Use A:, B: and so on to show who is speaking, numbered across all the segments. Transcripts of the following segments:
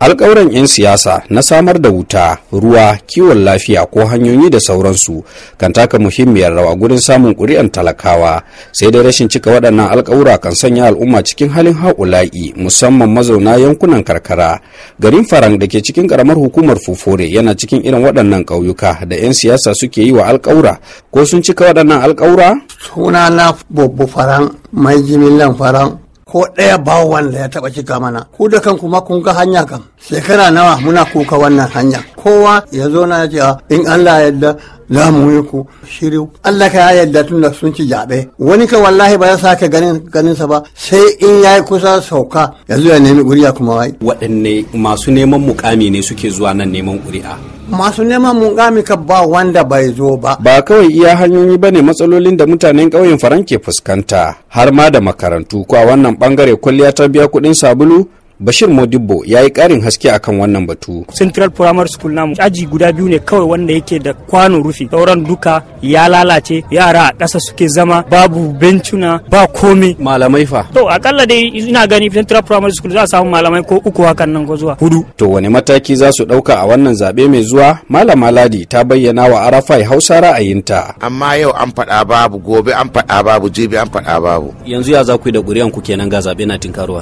A: alkawuran 'yan siyasa na samar da wuta ruwa kiwon lafiya ko hanyoyi da sauransu kan taka muhimmiyar rawa gurin samun ƙuri'an talakawa sai dai rashin cika waɗannan alkawura kan sanya al'umma cikin halin haƙula'i musamman mazauna yankunan karkara garin farang da ke cikin ƙaramar hukumar fufore yana cikin irin waɗannan ƙauyuka da 'yan siyasa suke yi wa alkawura ko sun cika waɗannan alkawura
B: sunana bobo farang mai jimillan farang ko ɗaya ba wanda ya taɓa cika mana ku da kan kuma kun ga hanya kan. shekara nawa muna kuka wannan hanya kowa ya zo na ya ce ah, in Allah ya yadda za mu yi ku shiru Allah ka ya yadda tun da sun ci jaɓe wani ka wallahi ba ya sake ganin ganinsa ba sai in ya yi kusa sauka ya zo ya nemi ƙuri'a kuma wai waɗanne
A: masu neman mukami ne suke zuwa nan neman ƙuri'a
B: masu neman mukami ka ba wanda bai zo
A: ba ba kawai iya hanyoyi ba ne matsalolin da mutanen ƙauyen faran ke fuskanta har ma da makarantu ko a wannan bangare kwalliya ta biya kuɗin sabulu Bashir Modibbo ya yi ƙarin haske akan wannan batu. Central Primary School namu aji guda biyu ne kawai wanda yake da kwano rufi. Sauran duka ya lalace yara a ƙasa suke zama babu bencuna ba komai. Malamai fa. To akalla dai ina gani Central Primary School za a samu malamai ko uku hakan nan ko zuwa hudu. To wani mataki za su ɗauka a wannan zaɓe mai zuwa? Malama Ladi ta bayyana wa Arafai Hausa ra'ayinta.
C: Amma yau an faɗa babu gobe an faɗa babu jibi an faɗa babu.
A: Yanzu ya za ku yi da ƙuri'an ku kenan ga zaɓe na tinkaruwa.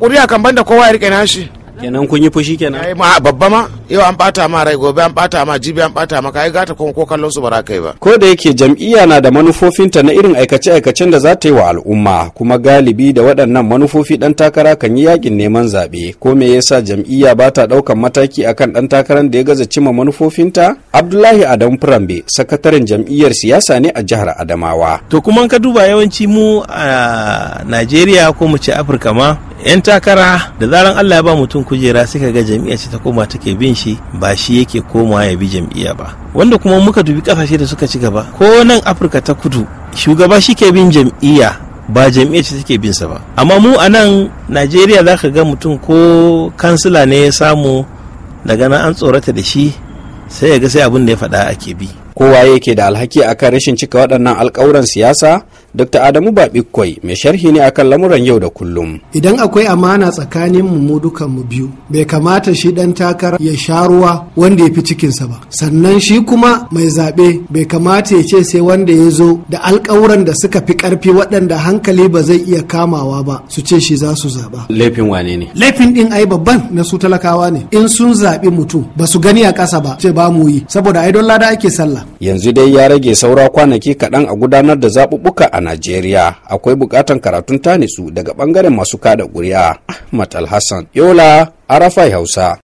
D: Ƙuri'a kan banda kowa ya rike shi kenan
C: kun yi fushi kenan ai ma babba ma yau an bata ma rai gobe an bata ma jibi an bata maka ai gata kuma ko
D: kallon su ba kai ba
A: ko da yake jam'iyya na da manufofinta na irin aikace aikacen da za ta yi wa al'umma kuma galibi da waɗannan manufofi dan takara kan yi yakin neman zaɓe ko me yasa jam'iyya ba ta ɗaukan mataki akan dan takarar da ya gaza cimma manufofinta abdullahi adam frambe sakataren jam'iyyar siyasa ne a jihar adamawa
C: to kuma ka duba yawanci mu a najeriya ko mu ce afirka ma 'yan takara da zaran allah ya ba mutum kujera sai ga jam'iyyar ce ta koma take bin shi ba shi yake komawa ya bi jam'iyya ba wanda kuma muka dubi kasashe da suka ci gaba ko nan afirka ta kudu shugaba shi ke bin jam'iyya ba jam'iyyar ce take binsa ba amma mu a nan najeriya za ka ga mutum ko kansila ne ya samu daga nan an tsorata da shi sai ya ga sai abin da ya faɗa ake bi
A: kowa yake da alhaki akan rashin cika waɗannan alƙawuran siyasa dr adamu babikwai mai sharhi ne akan lamuran yau da kullum
D: idan akwai amana tsakanin mu mu dukan mu biyu bai kamata shi dan takara ya sha ruwa wanda ya fi cikinsa ba sannan shi kuma mai zaɓe bai kamata ya ce sai wanda ya zo da alƙawuran da suka fi ƙarfi waɗanda hankali ba zai iya kamawa ba su ce shi za su zaɓa
A: laifin wane ne
D: laifin ɗin ai babban na su talakawa ne in sun zaɓi mutum ba su gani a ƙasa ba ce ba mu yi saboda ai don lada ake sallah
A: yanzu dai ya rage saura kwanaki kaɗan a gudanar da zaɓuɓɓuka a najeriya akwai buƙatar
C: karatun tanisu daga ɓangaren masu kada ƙuri'a ahmad alhassan yola arafai hausa